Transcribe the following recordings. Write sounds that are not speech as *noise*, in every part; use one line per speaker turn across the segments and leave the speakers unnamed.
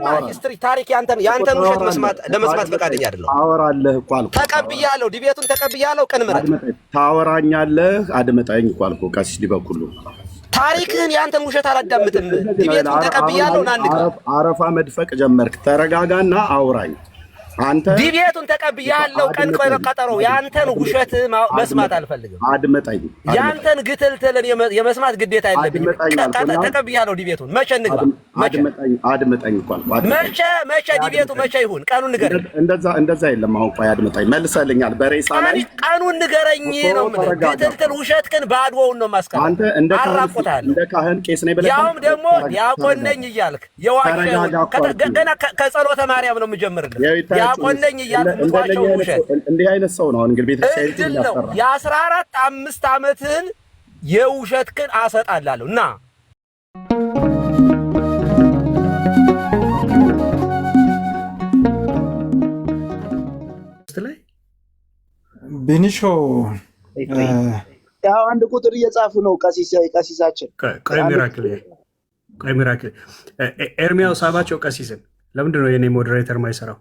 ስለማ ሂስትሪ ታሪክ ያንተን ያንተን ውሸት መስማት ለመስማት ፈቃደኛ አይደለሁም።
አወራለህ እኮ አልኩህ።
ተቀብያለሁ፣ ዲቤቱን ተቀብያለሁ። ቀን ምረት
ታወራኛለህ። አድመጣኝ እኮ አልኩህ። ቀሲስ ዲበኩሉ
ታሪክህን ያንተን ውሸት አላዳምጥም። ዲቤቱን ተቀብያለሁ። ናንቀ
አረፋ መድፈቅ ጀመርክ። ተረጋጋና አውራኝ
አንተ ዲቤቱን ተቀብያለሁ። ቀን ቀጠሮ ያንተን ውሸት መስማት አልፈልግም። አድመጣኝ። ያንተን ግትልትልን የመስማት ግዴታ
የለብኝም።
ተቀብያለሁ ዲቤቱን። መቼ እንግባ?
አድመጣኝ እኮ
አልኩህ። መቼ መቼ ዲቤቱ መቼ ይሁን? ቀኑን ንገረኝ።
እንደዛ እንደዛ የለም። አሁን ቆይ አድመጣኝ። መልሰልኛል። በሬሳ ላይ
ቀኑን ንገረኝ ነው የምልህ። ግትልትል ውሸት ግን ባድወውን ነው የማስቀረው።
አንተ እንደ ካህን እንደ ካህን ቄስ ነኝ ብለህ
ያውም ደግሞ ያቆነኝ እያልክ የዋሸ ገና ከጸሎተ ማርያም ነው የምጀምርልህ ዲያቆነኝ እያልምቷቸው ውሸት
እንዲህ አይነት ሰው ነው
እንግዲህ ቤተክርስቲያን ነው የአስራ አራት አምስት ዓመትህን የውሸትክን አሰጣላለሁ እና
ቢኒሾ ያው አንድ ቁጥር እየጻፉ ነው። ቀሲሳችን ቆይ ሚራክል ኤርሚያው ሳባቸው ቀሲስን ለምንድን ነው የኔ ሞዴሬተር ማይሰራው?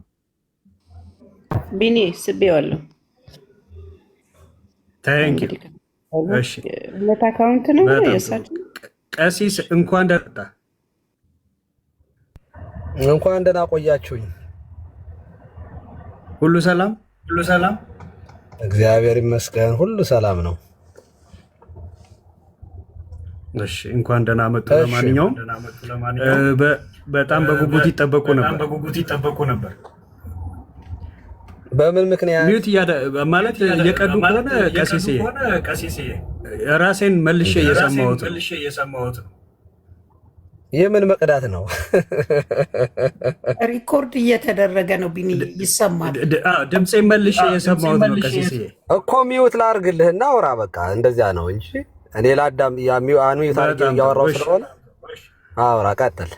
ቢኒ ስቤዋለሁ። ሁለት አካውንት ነው። ቀሲስ እንኳን ደህና እንኳን ደህና ቆያችሁኝ። ሁሉ ሰላም፣ ሁሉ ሰላም፣ እግዚአብሔር ይመስገን። ሁሉ ሰላም ነው። እሺ እንኳን ደህና መጡ። ለማንኛውም በጣም በጉጉት ይጠበቁ ነበር። በምን ምክንያት ሚዩት ማለት የቀዱ ከሆነ ቀሲስ ራሴን መልሼ እየሰማሁት ነው። የምን መቅዳት ነው? *laughs* ሪኮርድ እየተደረገ ነው። ቢኒ ይሰማል። ድምፄ መልሼ እየሰማሁት ነው። ቀሲስ እኮ ሚዩት ላርግልህ እና አውራ። በቃ እንደዚያ ነው እንጂ እኔ ለአዳም ሚዩት አርግ እያወራው ስለሆነ አውራ። ቀጥል፣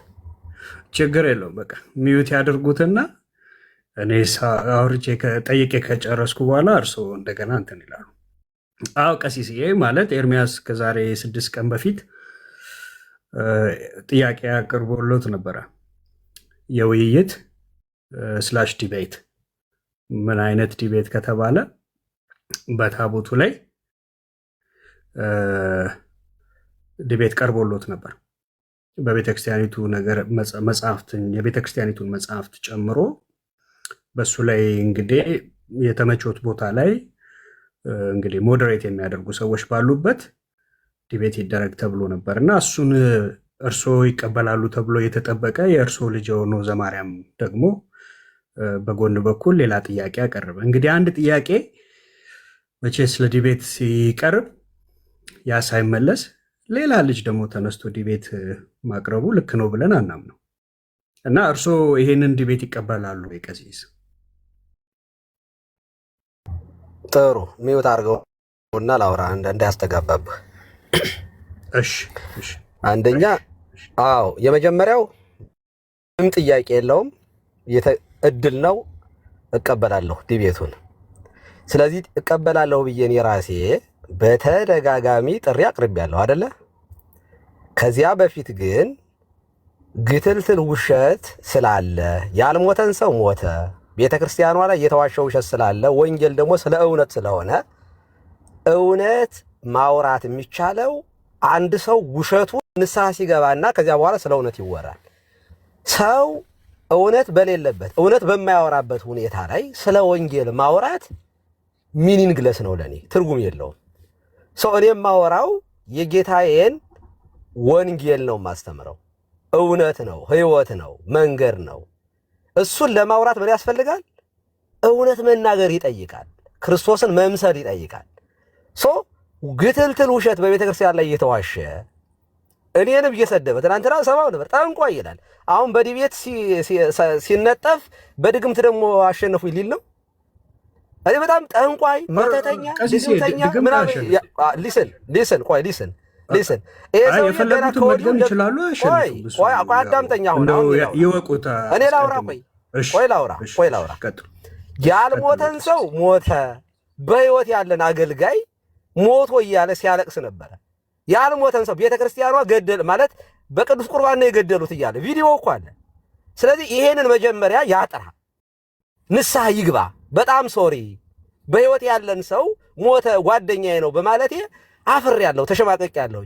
ችግር የለውም። በቃ ሚዩት ያድርጉትና እኔ አውርቼ ጠይቄ ከጨረስኩ በኋላ እርሶ እንደገና እንትን ይላሉ። አዎ ቀሲስዬ ማለት ኤርሚያስ ከዛሬ ስድስት ቀን በፊት ጥያቄ አቅርቦሎት ነበረ። የውይይት ስላሽ ዲቤት ምን አይነት ዲቤት ከተባለ በታቦቱ ላይ ዲቤት ቀርቦሎት ነበር። በቤተክርስቲያኒቱ ነገር መጽሐፍትን የቤተክርስቲያኒቱን መጽሐፍት ጨምሮ በሱ ላይ እንግዲህ የተመቾት ቦታ ላይ እንግዲህ ሞዴሬት የሚያደርጉ ሰዎች ባሉበት ዲቤት ይደረግ ተብሎ ነበር እና እሱን እርስዎ ይቀበላሉ ተብሎ የተጠበቀ የእርሶ ልጅ የሆኖ ዘማርያም ደግሞ በጎን በኩል ሌላ ጥያቄ አቀረበ። እንግዲህ አንድ ጥያቄ መቼ ስለ ዲቤት ሲቀርብ ያ ሳይመለስ ሌላ ልጅ ደግሞ ተነስቶ ዲቤት ማቅረቡ ልክ ነው ብለን አናምነው እና እርስዎ ይሄንን ዲቤት ይቀበላሉ ወይ? ቀሲስ ጥሩ ሚውት አድርገውና ላውራ እሺ አንደኛ አዎ፣ የመጀመሪያው ምንም ጥያቄ የለውም፣ እድል ነው፣ እቀበላለሁ ዲቤቱን። ስለዚህ እቀበላለሁ ብዬን የራሴ በተደጋጋሚ ጥሪ አቅርቤያለሁ አደለ? ከዚያ በፊት ግን ግትልትል ውሸት ስላለ ያልሞተን ሰው ሞተ ቤተ ክርስቲያኗ ላይ የተዋሸው ውሸት ስላለ፣ ወንጌል ደግሞ ስለ እውነት ስለሆነ እውነት ማውራት የሚቻለው አንድ ሰው ውሸቱ ንስሐ ሲገባና ከዚያ በኋላ ስለ እውነት ይወራል። ሰው እውነት በሌለበት እውነት በማያወራበት ሁኔታ ላይ ስለ ወንጌል ማውራት ሚኒንግለስ ነው፣ ለእኔ ትርጉም የለውም። ሰው እኔ የማወራው የጌታዬን ወንጌል ነው፣ የማስተምረው እውነት ነው፣ ህይወት ነው፣ መንገድ ነው። እሱን ለማውራት ምን ያስፈልጋል? እውነት መናገር ይጠይቃል። ክርስቶስን መምሰል ይጠይቃል። ሶ ግትልትል ውሸት በቤተ ክርስቲያን ላይ እየተዋሸ እኔንም እየሰደበ ትናንትና ሰማው ነበር ጠንቋይ ይላል። አሁን በዲቤት ሲነጠፍ በድግምት ደግሞ አሸነፉ ሊል ነው። እኔ በጣም ጠንቋይ መተተኛ፣ ምናምን ሊስን ሊስን ቆይ ሊስን ሊስን ይሄ ሰው የፈለጉትን መድገም ይችላሉ። ቆይ አዳምጠኝ፣ አሁን እኔ ላውራ። ቆይ ቆይ ላውራ ቆይ ላውራ። ያልሞተን ሰው ሞተ፣ በህይወት ያለን አገልጋይ ሞቶ እያለ ሲያለቅስ ነበረ። ያልሞተን ሰው ቤተ ክርስቲያኗ ገደል ማለት በቅዱስ ቁርባን ነው የገደሉት እያለ ቪዲዮ እኮ አለ። ስለዚህ ይሄንን መጀመሪያ ያጥራ፣ ንስሐ ይግባ። በጣም ሶሪ፣ በህይወት ያለን ሰው ሞተ ጓደኛዬ ነው በማለት አፍር ያለው ተሸማቀቅ ያለው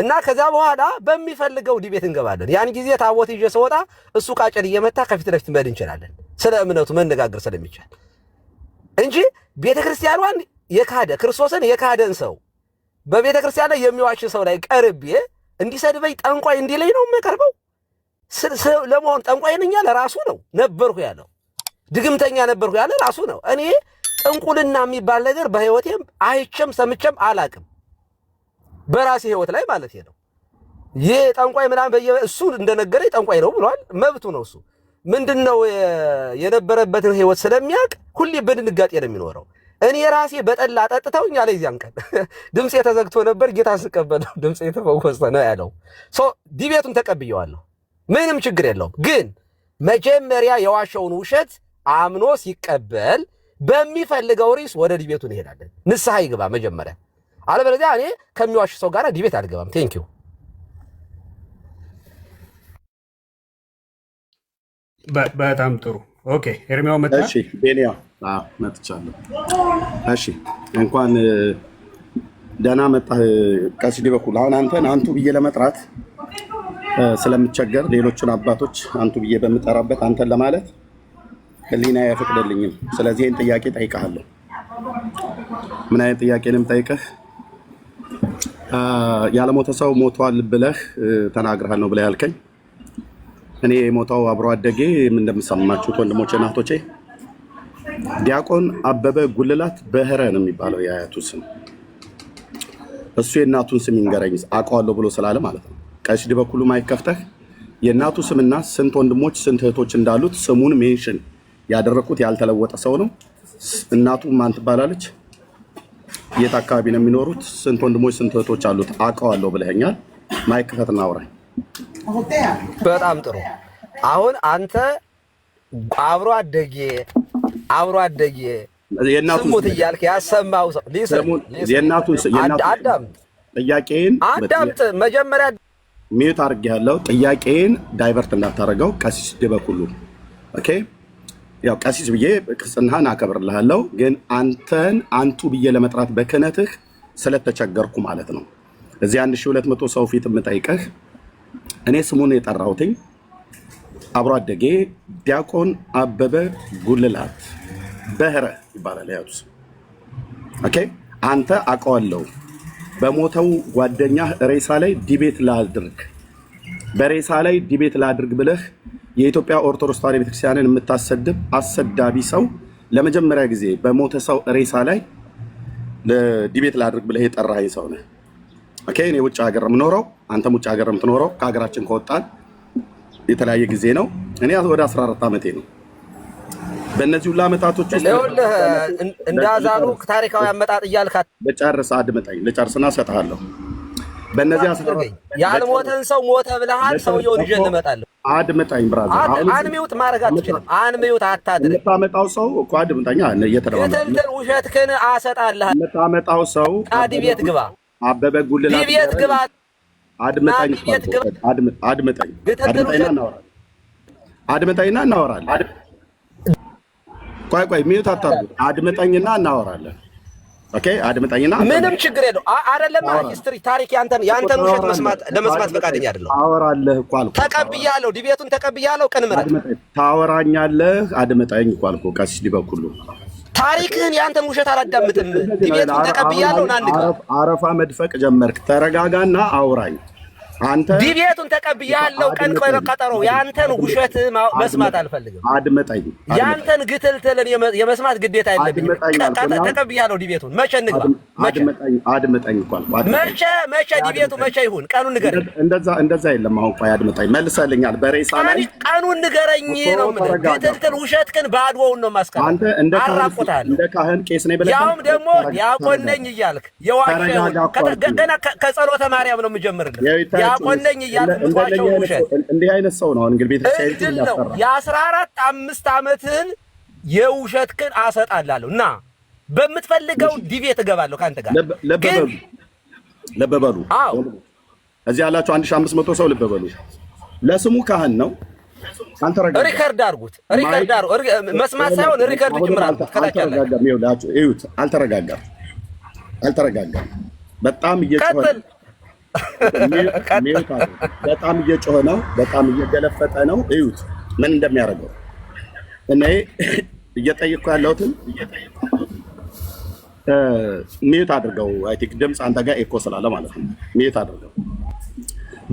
እና ከዛ በኋላ በሚፈልገው ዲቤት እንገባለን። ያን ጊዜ ታቦት ይዤ ስወጣ እሱ ቃጨል እየመታ ከፊት ለፊት መሄድ እንችላለን። ስለ እምነቱ መነጋገር ስለሚቻል እንጂ ቤተ ክርስቲያኗን የካደ ክርስቶስን የካደን ሰው በቤተ ክርስቲያን ላይ የሚዋሽ ሰው ላይ ቀርቤ እንዲሰድበኝ ጠንቋይ እንዲለኝ ነው የምቀርበው። ለመሆን ጠንቋይ ነኝ ያለ ራሱ ነው ነበርኩ ያለው ድግምተኛ ነበርኩ ያለ ራሱ ነው። እኔ ጥንቁልና የሚባል ነገር በሕይወቴም አይቼም ሰምቼም አላቅም። በራሴ ህይወት ላይ ማለት ነው። ይህ ጠንቋይ ምናምን እሱ እንደነገረ ጠንቋይ ነው ብሏል። መብቱ ነው። እሱ ምንድነው የነበረበትን ህይወት ስለሚያውቅ ሁሌ በድንጋጤ ነው የሚኖረው። እኔ ራሴ በጠላ ጠጥተውኛ ላይ እዚያን ቀን *laughs* ድምፄ ተዘግቶ ነበር። ጌታን ስቀበለው ድምፄ የተፈወሰ ነው ያለው ሶ ዲቤቱን ተቀብየዋለሁ። ምንም ችግር የለውም። ግን መጀመሪያ የዋሸውን ውሸት አምኖ ሲቀበል በሚፈልገው ርዕስ ወደ ዲቤቱን ይሄዳለን። ንስሐ ይግባ መጀመሪያ አለበለዚያ እኔ ከሚዋሽ ሰው ጋር ዲቤት አልገባም። ቴንኪው በጣም ጥሩ ኦኬ። ኤርሚያው መጣ። እሺ ቤኒያ መጥቻለሁ። እሺ እንኳን ደህና መጣህ። ቀሲዲ በኩል አሁን አንተን አንቱ ብዬ ለመጥራት ስለምቸገር ሌሎቹን አባቶች አንቱ ብዬ በምጠራበት አንተን ለማለት ህሊና አይፈቅድልኝም። ስለዚህ ይህን ጥያቄ ጠይቀሃለሁ። ምን አይነት ጥያቄንም ጠይቀህ ያለሞተ ሰው ሞቷል ብለህ ተናግረሃል ነው ብለህ ያልከኝ። እኔ ሞታው አብሮ አደጌ እንደምሰማችሁት ወንድሞቼ እናቶቼ ዲያቆን አበበ ጉልላት በህረ ነው የሚባለው የአያቱ ስም። እሱ የእናቱን ስም ይንገረኝ አውቀዋለሁ ብሎ ስላለ ማለት ነው። ቀሽድ በኩሉ ማይከፍተህ የእናቱ ስምና ስንት ወንድሞች ስንት እህቶች እንዳሉት ስሙን ሜንሽን ያደረኩት ያልተለወጠ ሰው ነው። እናቱ ማን ትባላለች? የት አካባቢ ነው የሚኖሩት? ስንት ወንድሞች ስንት እህቶች አሉት? አውቀዋለሁ ብለኸኛል። ማይክ ከፍትና አውራኝ። በጣም ጥሩ። አሁን አንተ አብሮ አደጌ አብሮ አደጌ ስሙት እያልክ ያሰማው ሰው ጥያቄን አዳምጥ። መጀመሪያ ሚዩት ያለው ጥያቄን ዳይቨርት እንዳታደርገው ቀሲስ ድበኩሉ ኦኬ ያው ቀሲስ ብዬ ቅስናህን አከብርልሃለሁ፣ ግን አንተን አንቱ ብዬ ለመጥራት በክህነትህ ስለተቸገርኩ ማለት ነው። እዚህ 1200 ሰው ፊት የምጠይቀህ እኔ ስሙን የጠራሁትኝ አብሮ አደጌ ዲያቆን አበበ ጉልላት በህረ ይባላል ያቱ ኦኬ። አንተ አውቀዋለሁ በሞተው ጓደኛህ ሬሳ ላይ ዲቤት ላድርግ፣ በሬሳ ላይ ዲቤት ላድርግ ብለህ የኢትዮጵያ ኦርቶዶክስ ተዋሕዶ ቤተክርስቲያንን የምታሰድብ አሰዳቢ ሰው ለመጀመሪያ ጊዜ በሞተ ሰው ሬሳ ላይ ዲቤት ላድርግ ብለህ የጠራኸኝ ሰው ነህ። እኔ ውጭ ሀገር የምኖረው አንተም ውጭ ሀገር የምትኖረው ከሀገራችን ከወጣን የተለያየ ጊዜ ነው። እኔ ወደ 14 ዓመቴ ነው። በእነዚህ ሁሉ ዓመታቶች እንዳዛሉ ታሪካዊ አመጣጥ እያልካት ልጨርስ፣ አድምጠኝ፣ ልጨርስና እሰጥሃለሁ። በእነዚህ ያልሞተን ሰው ሞተ ብለሃል። ሰውየውን ይዤ እንመጣለሁ አድምጠኝ ብራዘር፣ አንሚውት ማድረግ አትችልም። አንሚውት አታድርግ። የምታመጣው ሰው እኮ አድምጠኝ፣ ውሸት ውሸትህን አሰጣለህ። የምታመጣው ሰው ቃዲ ቤት ግባ፣ አበበ ጉልላት ቤት ግባ። አድምጠኝ፣ አድምጠኝ፣ አድምጠኝና እናወራለን። አድምጠኝና እናወራለን። ቆይ ቆይ፣ ሚውት አታድርግ። አድምጠኝና እናወራለን ኦኬ አድምጠኝና፣ ምንም ችግር የለው አይደለም። ሂስትሪ ታሪክ ያንተን ያንተን ውሸት መስማት ለመስማት ፈቃደኛ አይደለም። አወራለህ እኮ አልኩህ። ተቀብያለሁ፣ ዲቤቱን ተቀብያለሁ። ቀን ምረት ታወራኛለህ። አድምጠኝ እኮ አልኩህ። ቀሲስ ዲበኩሉ ታሪክህን ያንተን ውሸት አላዳምጥም። ዲቤቱን ተቀብያለሁ። ናንቀ አረፋ መድፈቅ ጀመርክ። ተረጋጋና አውራኝ ዲቤቱን ተቀብያለሁ። ቀን ቀጠሮ የአንተን ውሸት መስማት አልፈልግም። አድመጣኝ። የአንተን ግትልትልን የመስማት ግዴታ የለብኝም። ተቀብያለሁ ዲቤቱን። መቼ እንግባ? አድመጣኝ መቼ መቼ ዲቤቱ መቼ ይሁን? ቀኑን ንገረኝ። እንደዛ የለም። አሁን ቆይ አድመጣኝ። መልሰልኛል። በሬሳ ላይ ቀኑን ንገረኝ ነው የምልህ። ግትልትል ውሸት ግን ባድወውን ነው የማስቀረው። አንተ እንደ ካህን ቄስ ነኝ ብለህ ያውም ደግሞ ያቆነኝ እያልክ የዋሸ ገና ከጸሎተ ማርያም ነው የምጀምርልህ ዲያቆነኝ እያልኩትባቸው ውሸት እንዲህ አይነት ሰው ነው እንግዲህ ቤተክርስቲያን ነው የአስራ አራት አምስት ዓመትህን ክን አሰጣላለሁ እና በምትፈልገው ዲቪ እገባለሁ ከአንተ ጋር ለበበሉ ለበበሉ አዎ እዚህ ያላችሁ 1500 ሰው ልበበሉ ለስሙ ካህን ነው ሪከርድ አድርጉት። ሪከርድ መስማት ሳይሆን ሪከርድ ጭምር አልተረጋጋም። ይኸውላችሁ እዩት። አልተረጋጋም፣ አልተረጋጋም። በጣም እየጮኸ በጣም እየጮኸ ነው። በጣም እየገለፈጠ ነው። እዩት ምን እንደሚያደርገው። እኔ እየጠየቅኩ ያለሁትን ሚዩት አድርገው። አይ ቲንክ ድምፅ አንተ ጋር ኤኮ ስላለ ማለት ነው። ሚዩት አድርገው።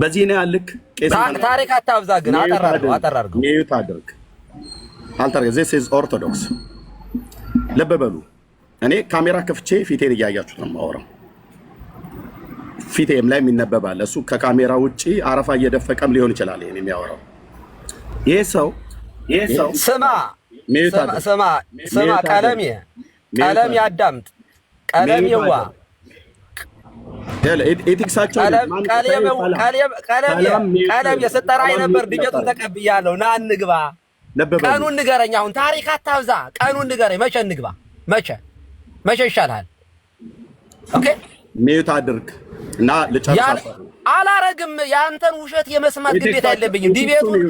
በዚህ ነው ያልክ። ታሪክ አታብዛ ግን አጠራርገው። ሚዩት አድርግ አልተር ዚስ ኢዝ ኦርቶዶክስ። ልብ በሉ። እኔ ካሜራ ከፍቼ ፊቴን እያያችሁት ነው የማወራው ፊቴም ላይ የሚነበባል። እሱ ከካሜራ ውጭ አረፋ እየደፈቀም ሊሆን ይችላል። ይሄን የሚያወራው ይህ ሰው ስማ ስማ ስማ፣ ቀለሜ ቀለሜ አዳምጥ፣ ቀለሜዋ ኤቲክሳቸው ቀለሜ ስጠራኝ ነበር። ድጀቱን ተቀብያለሁ። ና እንግባ። ቀኑን ንገረኝ። አሁን ታሪክ አታብዛ። ቀኑን ንገረኝ። መቼ እንግባ? መቼ መቼ ይሻልሃል? ኦኬ ሜዩት አድርግ። እና አላረግም። የአንተን ውሸት የመስማት ግዴታ የለብኝም። ዲቤቱን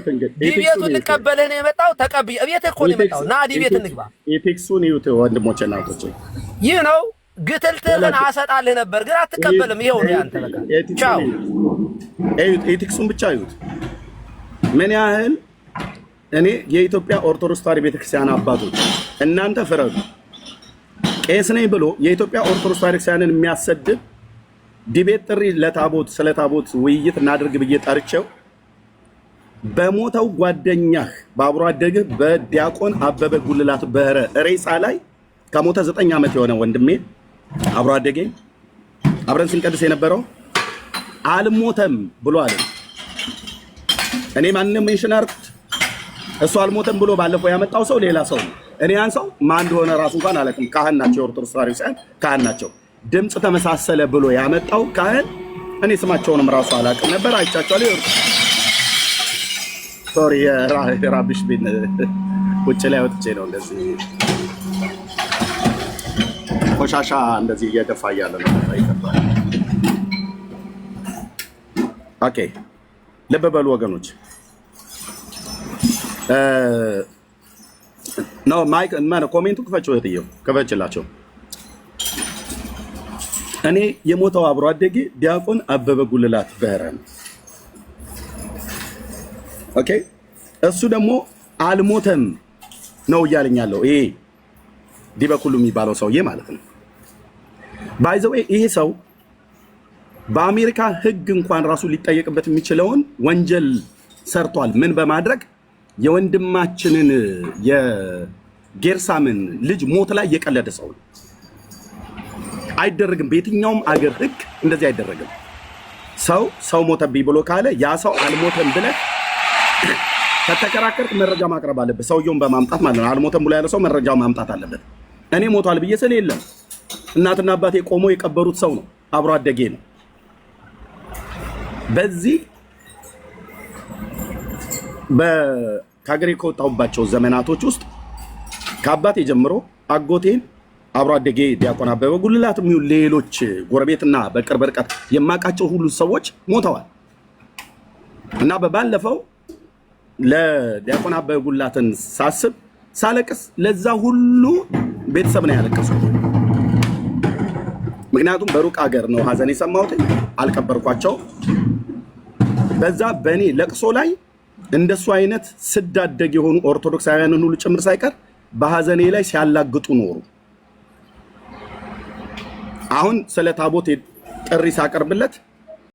ዲቤቱን ልቀበልህ ነው የመጣው። ተቀብዬ እቤት እኮ ነው የመጣው። ና ዲቤት እንግባ። ኢቴክሱን ይሁት ወንድሞቼ እናቶቼ፣ ይህ ነው ግትልትልን አሰጣልህ ነበር ግን አትቀበልም። ይኸው ነው ያንተ። በቃ ቻው። ኢቴክሱን ብቻ ይሁት ምን ያህል እኔ የኢትዮጵያ ኦርቶዶክስ ተዋሕዶ ቤተክርስቲያን አባቶች እናንተ ፍረዱ። ቄስ ነኝ ብሎ የኢትዮጵያ ኦርቶዶክስ ተዋሕዶ ቤተክርስቲያንን የሚያሰድብ ዲቤት ጥሪ ለታቦት ስለ ታቦት ውይይት እናድርግ ብዬ ጠርቼው በሞተው ጓደኛህ በአብሮ አደግህ በዲያቆን አበበ ጉልላት በረ ሬሳ ላይ ከሞተ ዘጠኝ ዓመት የሆነ ወንድሜ አብሮ አደገኝ አብረን ስንቀድስ የነበረው አልሞተም ብሎ አለ። እኔ ማንም ሜንሽን አድርጉት። እሱ አልሞተም ብሎ ባለፈው ያመጣው ሰው ሌላ ሰው ነው። እኔ ያን ሰው ማን እንደሆነ ራሱ እንኳን አላውቅም። ካህን ናቸው፣ የኦርቶዶክስ ተዋሕዶ ካህን ናቸው። ድምፅ ተመሳሰለ ብሎ ያመጣው ካህን እኔ ስማቸውንም ራሱ አላውቅም ነበር። አይቻቸዋለሁ። ሶሪ የራብሽ ቤት ውጭ ላይ ወጥቼ ነው እንደዚህ ቆሻሻ እንደዚህ እየደፋ እያለ ነው። ኦኬ ልብ በሉ ወገኖች። ኖ ማይክ ኮሜንቱ ክፈችው፣ የትየው ክፈችላቸው እኔ የሞተው አብሮ አደጌ ዲያቆን አበበ ጉልላት በረ ኦኬ እሱ ደግሞ አልሞተም ነው እያለኛለሁ። ይሄ ዲበኩሉ የሚባለው ሰውዬ ማለት ነው። ባይዘው ይሄ ሰው በአሜሪካ ሕግ እንኳን ራሱ ሊጠየቅበት የሚችለውን ወንጀል ሰርቷል። ምን በማድረግ የወንድማችንን የጌርሳምን ልጅ ሞት ላይ የቀለደ ሰው ነው። አይደረግም። በየትኛውም አገር ህግ እንደዚህ አይደረግም። ሰው ሰው ሞተብኝ ብሎ ካለ ያ ሰው አልሞተም ብለህ ከተከራከርክ መረጃ ማቅረብ አለበት። ሰውየውን በማምጣት ማለት ነው። አልሞተም ብሎ ያለ ሰው መረጃው ማምጣት አለበት። እኔ ሞቷል ብዬ ስል የለም፣ እናትና አባቴ ቆሞ የቀበሩት ሰው ነው፣ አብሮ አደጌ ነው። በዚህ ከሀገሬ ከወጣሁባቸው ዘመናቶች ውስጥ ከአባቴ ጀምሮ አጎቴን አብሮ አደጌ ዲያቆን አበበ ጉልላት የሚውል ሌሎች ጎረቤትና በቅርብ ርቀት የማውቃቸው ሁሉ ሰዎች ሞተዋል እና በባለፈው ለዲያቆን አበበ ጉልላትን ሳስብ ሳለቅስ ለዛ ሁሉ ቤተሰብ ነው ያለቀሰው። ምክንያቱም በሩቅ ሀገር ነው ሀዘን የሰማሁት፣ አልቀበርኳቸው። በዛ በእኔ ለቅሶ ላይ እንደሱ አይነት ስዳደግ የሆኑ ኦርቶዶክሳውያንን ሁሉ ጭምር ሳይቀር በሀዘኔ ላይ ሲያላግጡ ኖሩ። አሁን ስለ ታቦት ጥሪ ሳቀርብለት